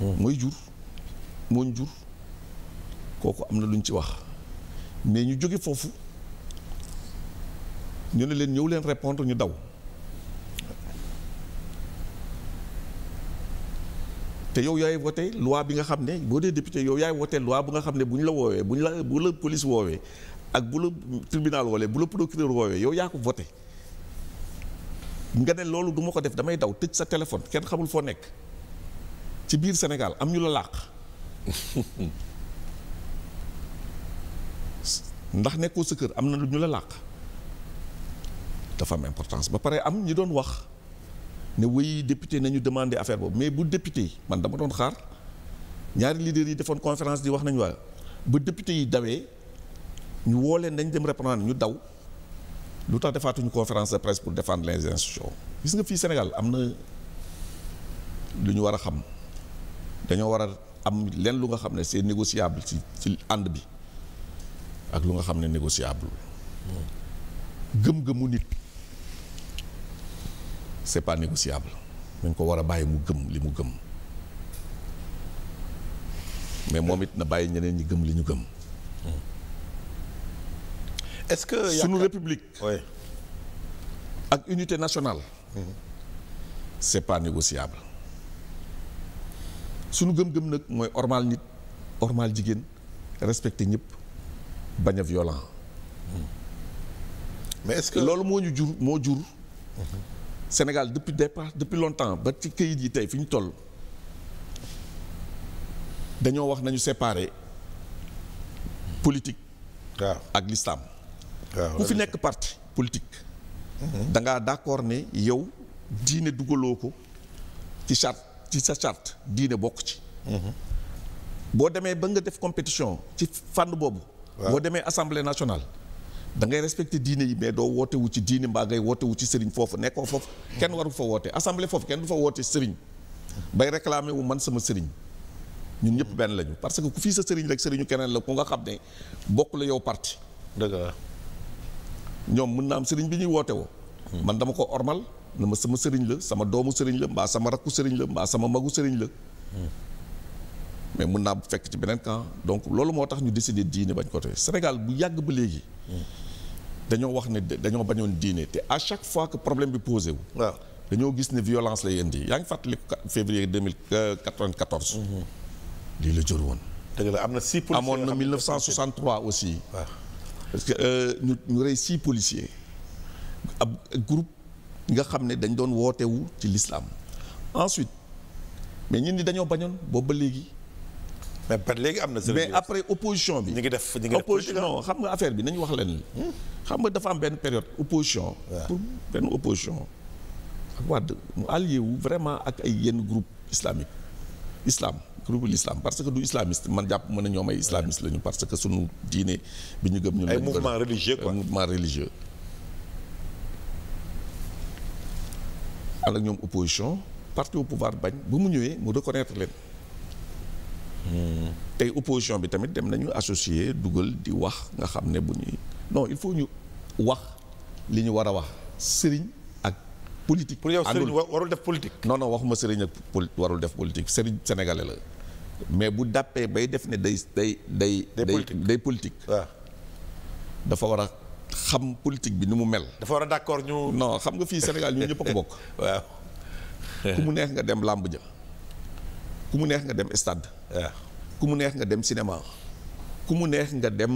mooy jur mooñ jur kooku am na lu luñ ci wax mais ñu jóge foofu ñu ne leen ñëw leen répondre ñu daw te yow yaay voté loi bi nga xam ne boo dee député yow yaay voté loi bu nga xam ne bu ñu la woowee bu ñu la bu la police woowee ak bu la tribunal woolee bu la procureur woowee yow yaa ko voté nga ne loolu du ma ko def damay daw tëj sa téléphone kenn xamul foo nekk ci biir Sénégal am ñu la làq ndax nekkoo sa kër am na lu ñu la làq dafa am importance ba pare am ñu doon wax ne wéy député nañu demande affaire boobu mais bu député man dama doon xaar ñaari leaders yi defoon conférence di wax nañu waa ba député yi dawee ñu woo leen dañ dem reprendre ñu daw lu tax defaatuñu conférence de presse pour défendre les institutions gis nga fii Sénégal am na lu ñu war a xam dañoo war a am lenn lu nga xam ne c'est négociable si ci ànd bi ak lu nga xam ne négociable gëm-gëmu nit c'est pas négociable dañ ko war a bàyyi mu gëm li mu gëm mais moom it na bàyyi ñeneen ñi gëm li ñu gëm est-ce que sunu république oui. ak unité nationale mm -hmm. pas négociable suñu gëm-gëm nag mooy ormal nit ormal jigéen respecté ñëpp bañ violent mais est-ce loolu moo ñu jur moo jur Sénégal depuis départ depuis longtemps ba ci këyit yi tey fi ñu toll dañoo wax nañu séparer politique waaw ak l'islam ku fi nekk parti politique da ngaa d'accord ne yow diine dugaloo ko ci charte ci sa charte diine bokk ci. boo demee ba nga def compétition ci fànn boobu. boo demee assemblée nationale. da ngay respecté diine yi mais doo wootewu ci diine mbaa ngay wootewu ci sëriñ foofu nekkoo foofu. kenn waru fa woote assemblée foofu kenn du fa woote sëriñ. bay réclamer wu man sama sëriñ. ñun ñëpp benn lañu parce que ku fii sa sëriñ rek sëriñu keneen la ku nga xam ne bokk la yow parti. dëgg ñoom mën na am sëriñ bi ñuy woote woo. Hmm. man dama ko ormal. na ma sama sëriñ la sama doomu sëriñ la mbaa sama rakku sëriñ la mbaa sama magu sëriñ la mais mun naa fekk ci beneen camp donc loolu moo tax ñu décidé diine bañ ko tey Sénégal bu yàgg ba léegi dañoo wax ne dañoo bañoon diine te à chaque fois que problème bi posé wu dañoo gis ne violence lay indi yaa ngi fàttali février 2094 euh, lii la jër woon dëgg la am na six policiers amoon na 1963 aussi waaw parce que euh, ñu ñu rey six policiers ab groupe nga xam ne dañ doon wootewu ci lislaam ensuite mais ñun ñi dañoo bañoon boobu ba léegi. mais par léegi am na. mais après opposition bi. ñu ngi def ñu ngi xam nga affaire bi wax leen xam nga dafa am benn période opposition. pour benn opposition. ak Wade wu vraiment ak ay yenn groupe islamique islam groupe l'islam parce que du islamiste man jàpp mën a ñoom ay islamiste parce que sunu diine bi ñu gëm. ñu ay mouvement religieux quoi mouvement religieux. ànd ak ñoom opposition parti au pouvoir bañ ba mu ñëwee mu reconnaître leen tey opposition bi tamit dem nañu associé dugal di wax nga xam ne bu ñuy non il faut ñu wax li ñu war a wax sëriñ ak politique. pour yow warul def politique. non non waxuma sëriñ ak poli warul def politique sëriñ sénégalais la mais bu dàppee bay def ne day day day. day day politique. dafa war a xam politique bi ni mu mel. dafa war a d'accord ñu. non xam nga fii Sénégal ñun ñëpp a ko bokk. ku mu neex nga dem làmb ja ku mu neex nga dem stade. ku mu neex nga dem cinéma. ku mu neex nga dem.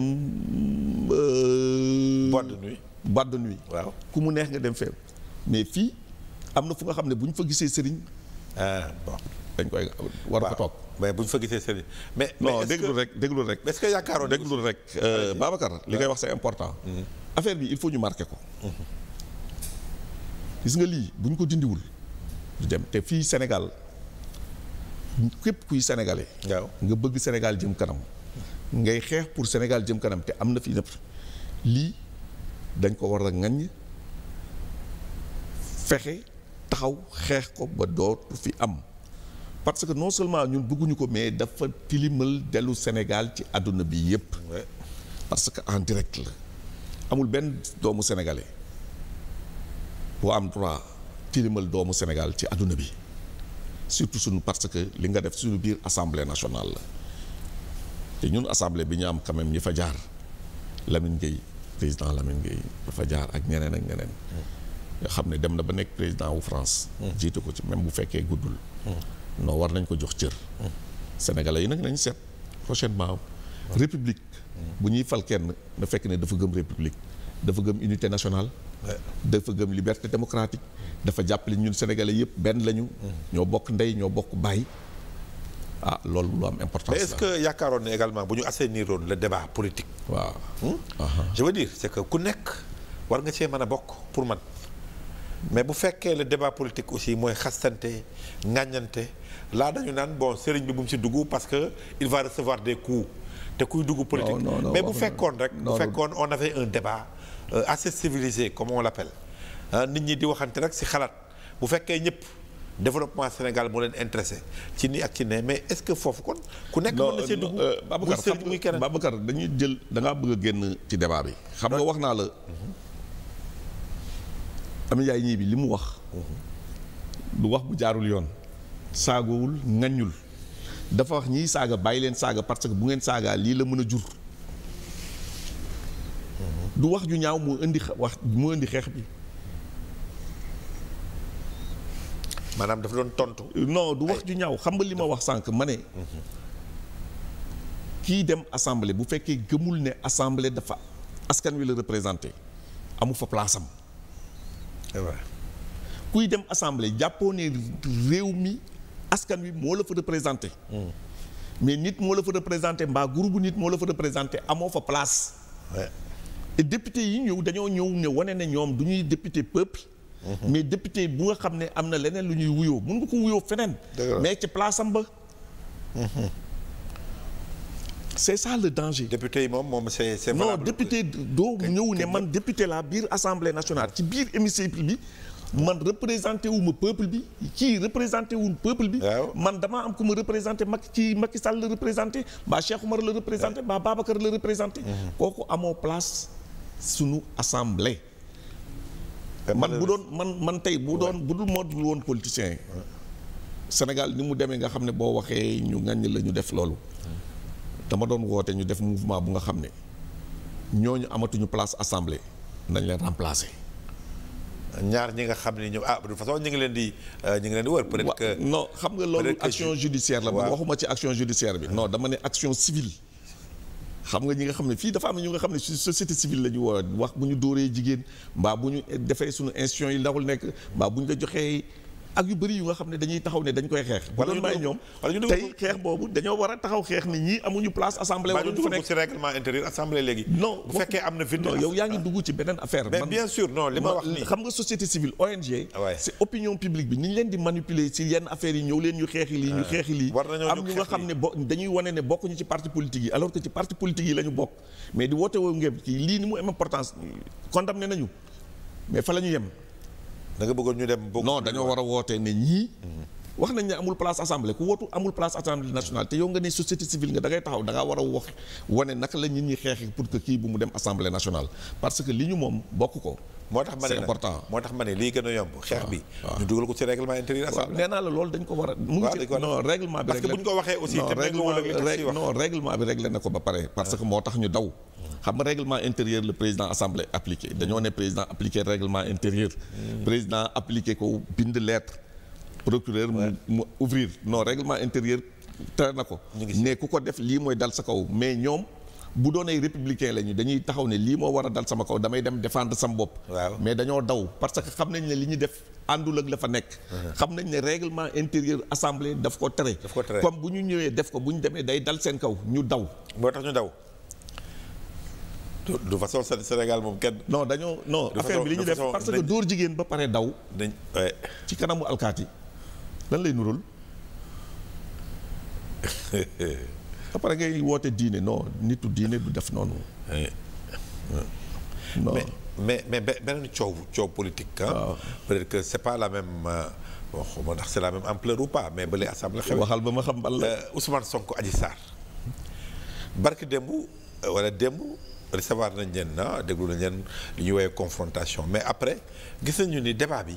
Euh, boîte de nuit. boîte de nuit. waaw ku mu neex nga dem feew mais fii am na fu nga xam ne bu ñu fa gisee sëriñ. ah dañ koy war a ko toog. mais bu ñu fa gisee sëriñ. mais non déglul rek déglul rek. est-ce que yaakaaroon déglul rek. Euh, ah, Babacar li ngay wax c'est important. Mm-hmm. affaire bi il faut ñu marqué ko. gis nga lii bu ñu ko dindiwul du te fii Sénégal képp kuy sénégalais. waaw nga bëgg Sénégal jëm kanam. ngay xeex pour Sénégal jëm kanam te am na fi nëpp lii dañ ko war a ŋaññ fexe taxaw xeex ko ba dootu fi am parce que non seulement ñun bëgguñu ko mais dafa tilimal dellu Sénégal ci àdduna bi yépp parce que en direct la. amul benn doomu sénégalais boo am droit tilimal doomu Sénégal ci àdduna bi surtout suñu parce que li nga def suñu biir assemblée nationale la te ñun assemblée bi ñu am quand même ñi fa jaar Lamine Gueye président Lamine Gueye dafa jaar ak ñeneen ak ñeneen nga xam ne dem na ba nekk président wu France hmm. jiitu ko ci même bu fekkee guddul hmm. non war nañ ko jox cër hmm. sénégalais yi nag nañ seet prochainement république bu ñuy fal kenn na fekk ne dafa gëm république dafa gëm unité nationale dafa gëm liberté démocratique dafa jàppale ñun sénégalais yëpp benn lañu ñoo bokk ndey ñoo bokk baay ah loolu lu am importance mais est-ce que yaakaaroon ne également bu ñu assainiroon le débat politique waaw hmm? je veux dire c'est que ku nekk war nga cee man a bokk pour man mais bu fekkee le débat politique aussi mooy xastante ŋàññante laa dañu naan bon sëriñ bi bum si ci dugg parce que il va recevoir des coups te kuy dugg politique mais bu fekkoon rek bu fekkoon on avait un débat euh, assez civilisé comme on l'appelle nit ñi di waxante rek si xalaat bu fekkee ñëpp développement Sénégal moo leen intéressé ci ni ak ci ne mais est-ce que foofu kon ku nekk mën na see euh, dugg euh, Babacar muy keneen dañuy jël da bëgg a génn ci débat bi xam nga wax naa la Amy Ndiaye ñii bi li mu wax du wax bu jaarul yoon saagowul ŋaññul dafa wax ñiy saaga bàyyi leen saaga parce que bu ngeen saagaa lii la mën a jur du wax ju ñaaw mu indi wax moo xeex bi maanaam dafa doon tontu. non du wax ju ñaaw xam nga li ma wax sànq ma ne kii dem assemble bu fekkee gëmul ne assemblée dafa askan wi la représenté amul fa place kuy dem assemble jàppoo ne réew mi askan wi moo la fa représenté. mais nit moo la fa représenté mbaa groupe nit moo la fa représenté amoo fa place. et député yi ñëw dañoo ñëw ne wane ne ñoom du ñuy député peuple. Mhm. mais député bu nga xam ne am na leneen lu ñuy wuyoo mun nga ko wuyoo feneen. mais ci place am ba. Mhm. c'est ça le danger. député yi moom moom c'est c'est non député doo ñëw ne man député laa biir assemblée nationale ci biir hémicycle bi. man représenté wu ma peuple bi kii représenté wu peuple bi. man damaa am ku ma représenté Macky ci Macky Sall la représenté mbaa Cheikh Oumar la représenté mbaa Babacar la représenté. Mm-hmm. kooku amoo place sunu assemblée. Euh, man bu doon man man tey bu doon bu dul moo dul woon politicien yi. Sénégal ni mu demee nga xam ne boo waxee ñu ngañ la ñu def loolu. dama doon woote ñu def mouvement bu nga xam ne ñooñu amatuñu place assemblée nañ leen remplacer. ñaar ñi nga xam ne ñoom ah de ñu ngi leen di euh, ñu ngi leen di wër peut-être que non xam nga loolu action judiciaire la ba waxuma ci action judiciaire bi non dama ne action civile xam nga ñi nga xam ne fii dafa am na ñu nga xam ne société civile la ñu woo wax bu ñu dóoree jigéen mbaa bu ñu defee suñu institution yi ndaxul nekk mbaa bu ñu la joxee ak yu bëri yu nga xam ne dañuy taxaw ne dañ koy xeex. wala ñu bàyyi ñoom wala ñu tey xeex boobu dañoo war a taxaw xeex ni ñii amuñu place assemblée. wala ñu fa nekk ci règlement intérieur assemblée léegi. non am na vide. non yow dugg ci beneen affaire. mais bien sûr non li ma wax nii xam nga société civile ONG. waay c'est opinion publique bi ni ñu leen di manipuler si yenn affaires yi ñëw leen ñu xeexi lii ñu xeexi lii. war nañoo ñu am ñu nga xam ne bo dañuy wane ne bokkuñu ci parti politique yi alors que ci parti politique yi la ñu bokk mais di woote woo ngeen kii lii ni mu am importance condamné mais fa la ñu yem da nga bëggoon ñu dem. non dañoo war a wootee ne ñii. wax nañ ne amul place assemblée ku wootu amul place assemblée nationale te yow nga ne société civile nga da taxaw da ngaa war a wax wane naka la nit ñi xeexi pour que kii bu mu dem assemblée nationale parce que li ñu moom bokk ko. moo tax ma ne important moo tax ma ne lii gën a yomb xeex bi ah, ah. ñu dugal ko ci règlement intérieur assemblée nee naa la loolu dañ ko war a mu ngi ci non règlement bi parce ko waxee aussi non règlement bi réglé na ko ba pare parce que moo tax ñu daw xam réglement règlement intérieur le président assemblée appliqué dañoo ne président appliqué règlement intérieur hmm. président appliqué ko bind lettre procureur mu ouvrir non règlement intérieur tere na ko ne ku ko def lii mooy dal sa kaw mais ñoom bu doon ay républicain la ñu dañuy taxaw ne lii moo war a dal sama kaw damay dem défendre sama bopp. waaw mais dañoo daw parce que xam nañ ne li ñu def àndul ak la fa nekk. Uh-huh. xam nañ ne réglement intérieur assemblée daf ko tere. daf ko tere comme bu ñu ñëwee def ko bu ñu demee day dal seen kaw ñu daw. moo tax ñu daw. de façon Sénégal moom kenn. non dañoo non affaire bi li ñu def parce que dóor jigéen ba pare daw. dañ ci kanamu alkaati lan lay nurul. après ngay woote diine non nitu diine du def noonu. Eh. non mais mais mais beneen coow coow politique ah. peut-être que c'est pas la même. Euh, bon xaw ma ndax c'est la même ampleur ou pas mais bële assemblée xew waxal ba ma xam bal euh, Ousmane Sonko Adji Sarr barki démb euh, wala démb recevoir nañ leen na ah, déglu nañ leen li ñu woowee confrontation mais après gis nañu ni débat bi.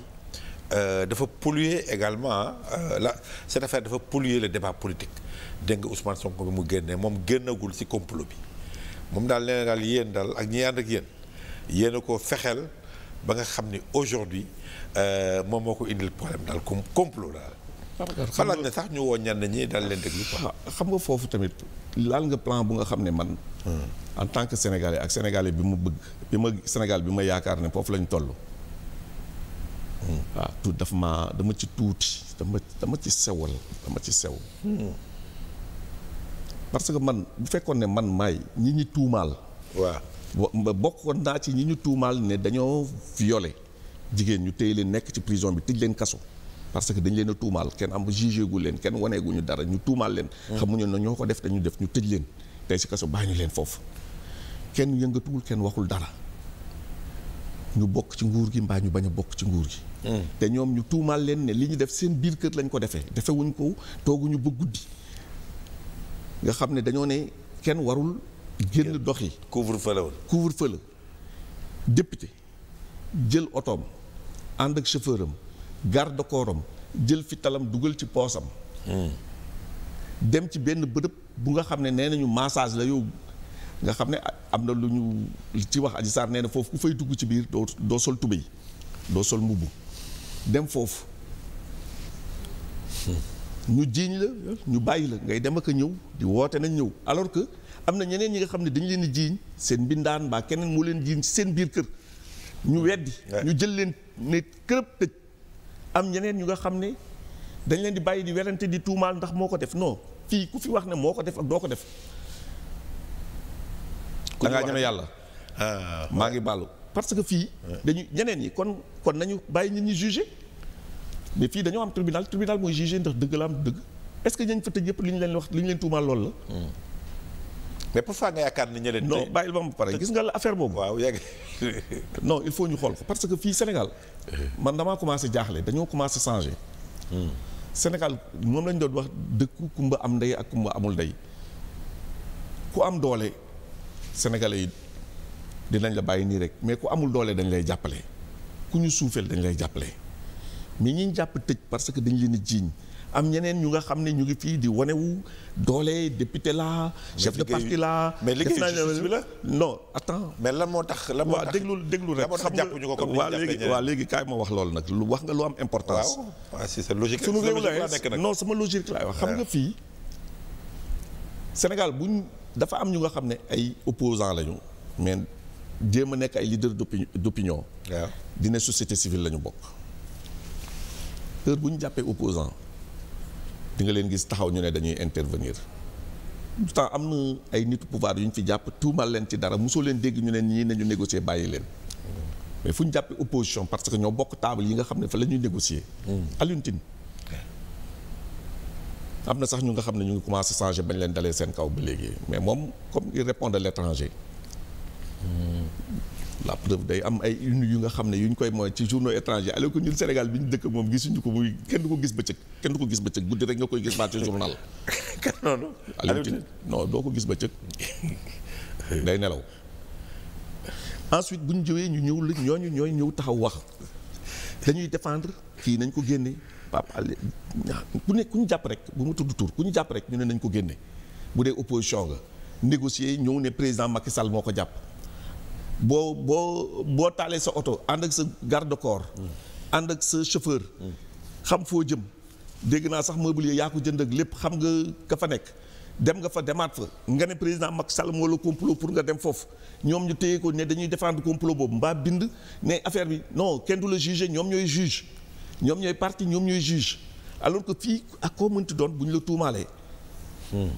Euh, dafa polluer également euh, la cette affaire dafa polluer le débat politique dégg nga Ousmane bi mu génnee moom génnagul ci complot bi moom daal nee daal yéen daal ak ñi ànd ak yéen yéen a ko fexeel ba nga xam ni aujourd'hui euh, moom moo ko indil problème daal comme complot daal. xalaat ne sax ñu ñan ñenn ñi daal leen déglu quoi. Ah, xam nga foofu tamit laal nga plan bu nga xam ne man. Hmm. en tant que sénégalais ak sénégalais bi mu bëgg bi ma Sénégal bi ma yaakaar ne foofu lañ toll. waaw tout dafa ma dama ci tuuti dama dama ci sewal dama ci sew hmm. parce que man bu fekkoon ne man maay ñi ñu tuumaal waaw bokkoon naa ci ñi ñu tuumaal ne dañoo violé jigéen ñu téye leen nekk ci prison bi tëj leen kaso parce que dañ leen a tuumaal kenn am jugé gu leen kenn waneeguñu dara ñu tuumaal leen hmm. xamuñu na ñoo ko def dañu def ñu tëj leen tey si kaso bàyyi ñu leen foofu kenn yëngatuwul kenn waxul dara ñu bokk ci nguur gi mbaa ñu bañ a bokk ci nguur gi. Hmm. te ñoom ñu tuumaal leen ne li ñu def seen biir kër lañ ko defee defe wuñ ko tooguñu ba guddi nga xam ne dañoo ne kenn warul génn doxi couvre-feu la woon couvre-feu la député jël otoom ànd ak chauffeur garde corps jël fi talam dugal ci poosam hmm. dem ci benn bërëb bu nga xam ne nee nañu massage la yow nga xam ne am na lu ñu ci wax Adji Sarr na foofu ku fay dugg ci biir doo doo sol tubéy doo sol mbubb dem foofu hmm. ñu jiiñ la ñu bàyyi la ngay dem ak ñëw di woote nañ ñëw alors que am na ñeneen ñi nga xam ne dañu leen di jiiñ seen mbindaan mbaa keneen moo leen jiiñ ci seen biir kër ñu weddi ñu jël leen ne kërëb ñeneen ñu nga xam ne dañ leen di bàyyi di werante di tuumaal ndax moo ko def non fii ku fi wax ne moo ko def ak doo ko def dangaa ngaa ñeme yàlla. Ah, ah, maa ngi baalu parce que fii. Ah. dañu ñeneen yi kon kon nañu bàyyi nit ñi juger mais fii dañoo am tribunal tribunal mooy juger ndax dëgg la am dëgg est-ce que ñañ fa yëpp li ñu leen wax li ñu leen tuumaal loolu la. Hmm. mais pourquoi nga yaakaar ni ñeneen. non bàyyil ba mu pare nga la boobu. waaw yegg non il faut ñu xool ko parce que fii Sénégal. man damaa commencé jaaxle dañoo commencé changer. Hmm. Sénégal moom lañ doon wax dëkku kumba am ndey ak kumba amul ndey ku am doole sénégalais yi dinañ la bàyyi nii rek mais ku amul doole dañ lay jàppale ku ñu suufeel dañ lay jàppale mais ñi jàpp tëj parce que dañ leen a jiiñ am ñeneen ñu nga xam ne ñu ngi fii di wanewu doole député la chef de parti la mais liggéey justice la non attends mais lan moo tax la moo tax waaw déglu déglu rek xam nga waaw léegi waaw léegi kaay ma wax loolu nag lu wax nga lu am importance waaw si sa logique sunu réew la non sama logique laay wax xam nga fii Sénégal buñ dafa am ñu nga xam ne ay opposants lañu mais jéem a nekk ay leader d'opinion dina société civile la ñu bokk heure bu ñu jàppee opposant di nga leen gis taxaw ñu ne dañuy intervenir pourtant am na ay nitu pouvoir yu ñu fi jàpp mal leen ci dara mosoo leen dégg ñu ne ñii nañu négocier bàyyi leen mm. mais fu ñu jàppee opposition parce que ñoo bokk table yi nga xam ne fa la ñuy négocier mm. Alioune Tine am na sax ñu nga xam ne ñu ngi commencé changé bañ leen dalee seen kaw ba léegi mais moom comme il répond de l'étranger hmm. la preuve day am ay une yu nga xam ne yu ñu koy mooy ci journaux étrangers alors que ñun Sénégal bi ñu dëkk moom gisuñu ko muy kenn du ko gis bëccëg kenn du ko gis bëccëg guddi rek nga koy gis baat ci journal. kan noonu. Aliou Tine non doo ko gis bëccëg day nelaw. ensuite bu ñu ñëwee ñu ñëw la ñooñu ñooy ñëw taxaw wax dañuy défendre kii nañ ko génne Pape Alé ku ne ku ñu jàpp rek bu ma tudd tur ku ñu jàpp rek ñu ne nañ ko génne bu dee opposition nga négocier ñëw ne président Macky Sall moo ko jàpp boo boo boo sa oto ànd ak sa garde corps ànd ak sa chauffeur xam foo jëm dégg naa sax mobilier yaa ko jënd ak lépp xam nga ka fa nekk dem nga fa demaat fa nga ne président Macky Sall moo la pour nga dem foofu ñoom ñu téye ko ne dañuy défendre complot boobu mbaa bind ne affaire bi non kenn ñoom ñooy juge ñoom ñooy parti ñoom ñooy juge alors que fii ak koo mënti doon bu ñu la tuumaalee.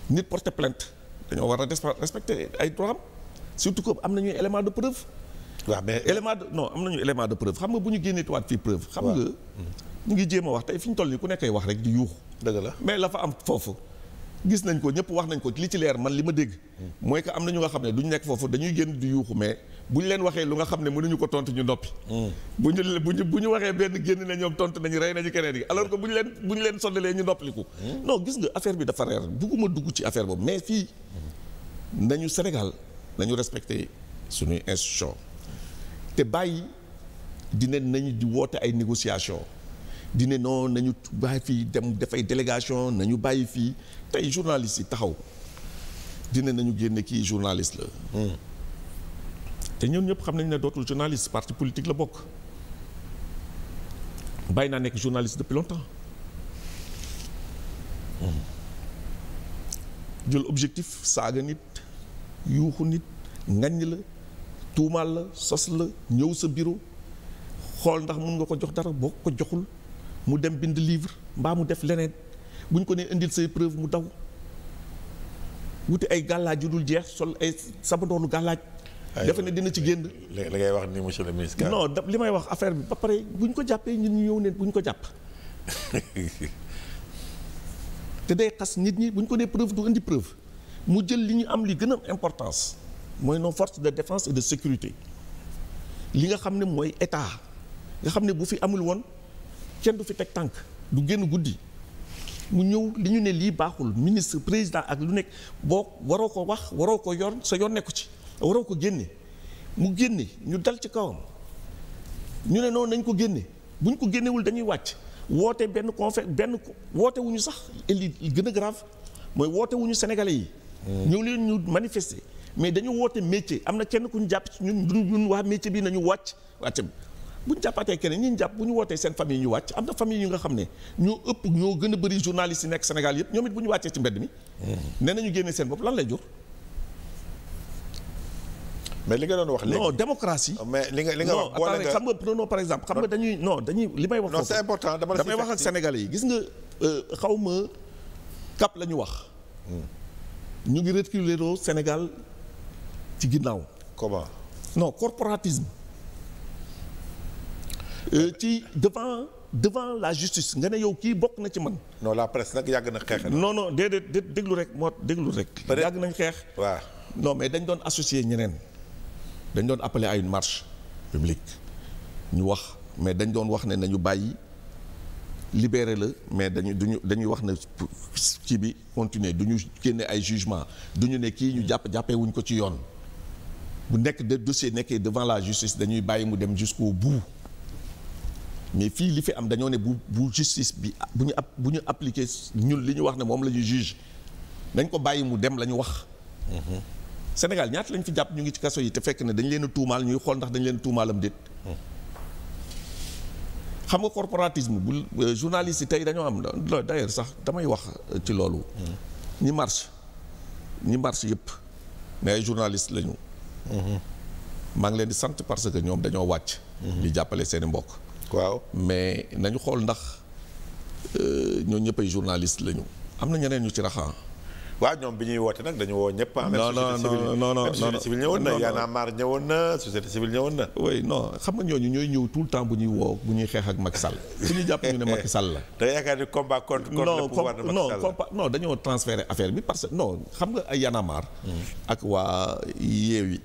nit porté plainte dañoo war a respecter ay droit am surtout que am nañu élément de preuve. waaw mais élément de non am nañu élément de preuve xam nga bu ñu génnee tuwaat fii preuve. xam nga mu ngi jéem a wax tey fi ñu toll nii ku nekkay wax rek di yuuxu. dëgg la mais la fa am foofu. gis nañ ko ñëpp wax nañ ko li ci leer man li ma dégg mooy que am na ñu nga xam ne duñ nekk foofu dañuy génn di yuuxu mais buñ leen waxee lu nga xam ne mënuñu ko tontu ñu noppi hmm. bu ñu bu ñu bu ñu waxee benn génn ne ñoom tontu nañu rey nañu keneen yi alors que bu ñu leen bu ñu leen sonnalee ñu noppaliku hmm. non gis nga affaire bi dafa reer bugguma dugg ci affaire boobu mais fii nañu Sénégal nañu respecté suñuy institution te bàyyi dina nañu di woote ay négociation dina non nañu bàyyi fii dem dafay délégation nañu bàyyi fii tey journaliste yi taxaw dina nañu génne kii journaliste la hmm. te ñun ñëpp xam nañ ne dootul journaliste parti politique la bokk bàyyi naa nekk de depuis longtemps hmm. jël objectif saaga nit yuuxu nit ngañ la tuumaal la sos la ñëw sa bureau xool ndax mun nga ko jox dara boo ko joxul mu dem bind livre mbaa mu def leneen bu ñu ko nee indil say preuve mu daw wuti ay gàllaaj yu dul jeex sol ay sabandoonu gàllaaj defe ne dina ci génn. li ngay wax ni monsieur le ministre. non li may wax affaire bi ba pare bu ñu ko jàppee ñun ñu yow ne bu ñu ko jàpp. te day xas nit ñi bu ñu ko nee preuve du indi preuve mu jël li ñu am li gën a importance mooy nos force de défense et de sécurité li nga xam ne mooy état nga xam ne bu fi amul woon kenn du fi teg tànk du génn guddi. mu ñëw li ñu ne lii baaxul ministre président ak lu nekk boo waroo ko wax waroo ko yor sa yoon nekku ci waroo ko génne mu génne ñu dal ci kawam ñu ne noonu nañ ko génne bu ñu ko génnewul dañuy wàcc woote benn conférence benn woote wu ñu sax li gën a grave mooy woote wu ñu sénégalais yi. Hmm. ñëw leen ñu manifester mais dañu woote métier am na kenn ku ñu jàpp ci ñun ñun waa métier bi nañu wàcc wàcc. bu ñu jàppatee keneen ñi ñu jàpp bu ñu wootee seen famille ñu wàcc am na famille yi nga xam ne ñoo ëpp ñoo gën a bëri journaliste yi nekk Sénégal yëpp ñoom it bu ñu wàccee ci mbedd mi. Mm-hmm. nee nañu génne seen bopp lan lay jur. mais li nga doon wax léegi non démocratie. mais li nga li nga xam nga non par exemple xam dañuy non dañuy li may wax. non c'est important dama wax ak sénégalais yi gis nga euh, xaw ma cap la ñu wax. Mm. ñu ngi reculer Sénégal ci ginnaaw. comment non corporatisme. Euh, ci devant devant la justice nga ne yow kii bokk na ci man. non la presse nag yàgg na xeex. non non déedéet déglu rek moo déglu rek. yàgg nañ xeex. waa non mais dañ doon associé ñeneen dañ doon appelé à une marche publique ñu wax mais dañ doon wax ne nañu bàyyi libéré la mais dañu duñu dañuy wax ne ci bi continuer du ñu génne ay jugement du ñu ne kii ñu jàpp jàppee ko ci yoon bu nekk de dossier nekkee devant la justice dañuy bàyyi mu dem jusqu'au bout. mais fii li fi am dañoo ne bu bu justice bi bu ñu a bu ñu appliqué ñun li ñu wax ne moom la ñu juge dañ ko bàyyi mu dem la ñu wax mhm. Sénégal ñaata lañ fi jàpp ñu ngi ci kaso yi te fekk ne dañ leen a tuumaal ñuy xool ndax dañ leen tuumaalam déet mhm. xam nga corporatisme bu euh, journaliste yi tey dañoo am d'ailleurs sax damay wax ci loolu mhm. ñi marche ñi marche yëpp mais ay journaliste lañu maa ngi leen di sant parce que ñoom dañoo wàcc di jàppale seeni mbokk waaw mais nañu xool ndax euh, ñoo ñëpp ay journaliste lañu. am na ñeneen ñu ci raxaa waaw ñoom bi ñuy woote nag dañu woo ñëpp ah. non non non non société civile ñëwoon na Y'en a marre ñëwoon na société civile ñëwoon na. oui non xam nga ñooñu ñooy ñëw tout le temps bu ñuy woo bu ñuy xeex ak Macky Sall. su ñu jàpp ñu ne Macky Sall la. da yaakaar ni combat contre contre le pouvoir de Macky Sall non non dañoo transféré affaire bi parce que non xam nga ay yanamaar hmm. ak waa yi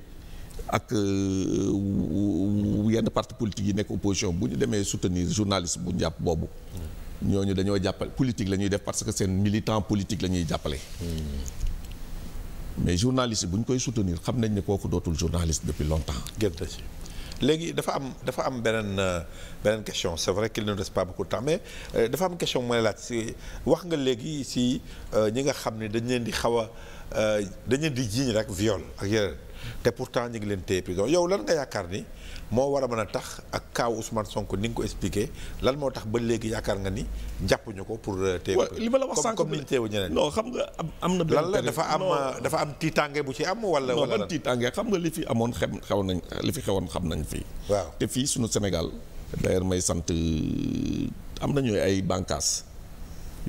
ak euh, euh, yenn parti politique yi nekk opposition bu ñu demee soutenir journaliste bu njàpp boobu ñooñu dañoo jàppale politique la ñuy def parce que seen militant politique la ñuy jàppale hmm. mais journaliste bu ñu koy soutenir xam nañ ne kooku dootul journaliste depuis longtemps léegi dafa am dafa am beneen euh, beneen question c'est vrai qu'il ne reste pas beaucoup de temps dafa am question mooy laaj si wax nga léegi si ñi nga xam ne dañ leen di xaw a dañ leen di jiiñ rek viol ak yeneen te pourtant ñu ngi leen téye prison yow lan nga yaakaar ni moo war a mën a tax ak kaaw Ousmane sonk ni nga ko expliqué lan moo tax ba léegi yaakaar nga ni jàppuñu ko pour. Euh, téye li ma la wax sànq comme ni teewu ñeneen. non xam nga am na. lan la dafa am euh, dafa am tiitange bu ci am. wala wala non tiitange xam nga li fi amoon xem xew nañ li fi xewoon xam nañ fi. waaw fii suñu Sénégal. d'ailleurs sant euh, am nañu ay bànqaas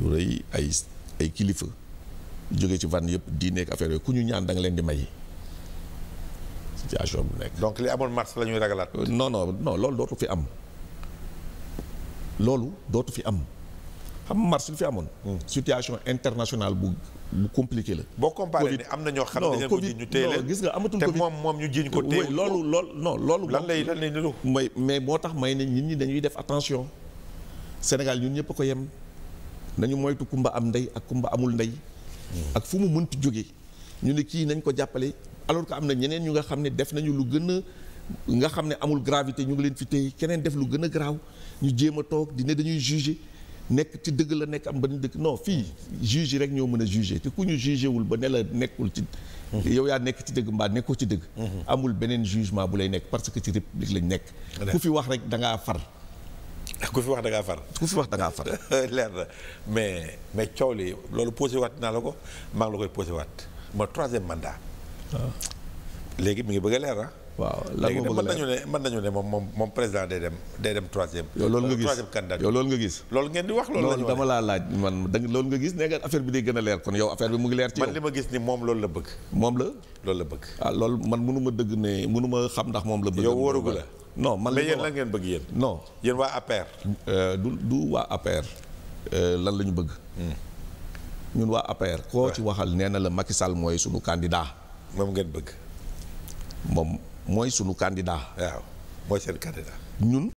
yu kilifa jóge ci vann di nekk affaire yooyu ñu ñaan da leen di may. situation bu donc li amoon mars la ñuy ragalaat. Euh, non non non loolu dootu fi am loolu dootu fi am xam mars lu fi amoon. Hmm. situation international bu bu compliqué la. boo comparé ni am na ñoo xam ne ñu téye leen nga amatul Covid moom moom ñu jiñ ko téye loolu loolu loolu. lan lay lan lay niru mais moo tax may ne nit ñi dañuy def attention Sénégal ñun ñëpp a ko yem nañu moytu kumba am ndey ak kumba amul ndey. Hmm. ak fu mu mënti jóge ñu ne kii nañ ko jàppale. alors que am na ñeneen ñu nga xam ne def nañu lu gën a nga xam ne amul gravité ñu ngi leen fi téye keneen def lu gën a graaw ñu jéem a toog di ne dañuy juger nekk ci dëgg la nekk am ba dëkk non fii juge rek ñoo mën a juger te ku ñu juger wul ba ne la nekkul ci. yow yaa nekk ci dëgg mbaa nekkoo ci dëgg. amul beneen jugement bu lay nekk parce que ci république lañ nekk. ku fi wax rek da ngaa far. ku fi wax da ngaa far. ku fi wax dangaa far. leer na mais mais coow loolu posé waat naa la ko maa ngi la koy posé waat ma troisième léegi mu ngi bëgg a leer ah. waaw lan moo bëgg a leer mën nañu ne mën nañu ne moom moom président day dem day dem troisième. yow loolu nga gis troisième candidat loolu nga gis. loolu ngeen di wax loolu la ñu dama laa laaj man da loolu nga gis ne nga affaire bi day gën a leer kon yow affaire bi mu ngi leer ci man li ma gis ni moom loolu la bëgg. moom la. loolu la bëgg. ah loolu man mënu ma dëgg ne mënu ma xam ndax moom la bëgg. yow wóorugu la non man la mais yéen ngeen bëgg yéen. non yéen waa APR. Euh, du du waa APR euh, lan la ñu bëgg. Hmm. ñun waa APR koo ci waxal na la Macky Sall mooy sunu candidat moom ngeen bëgg. moom mooy sunu candidat. waaw mooy seen candidat. ñun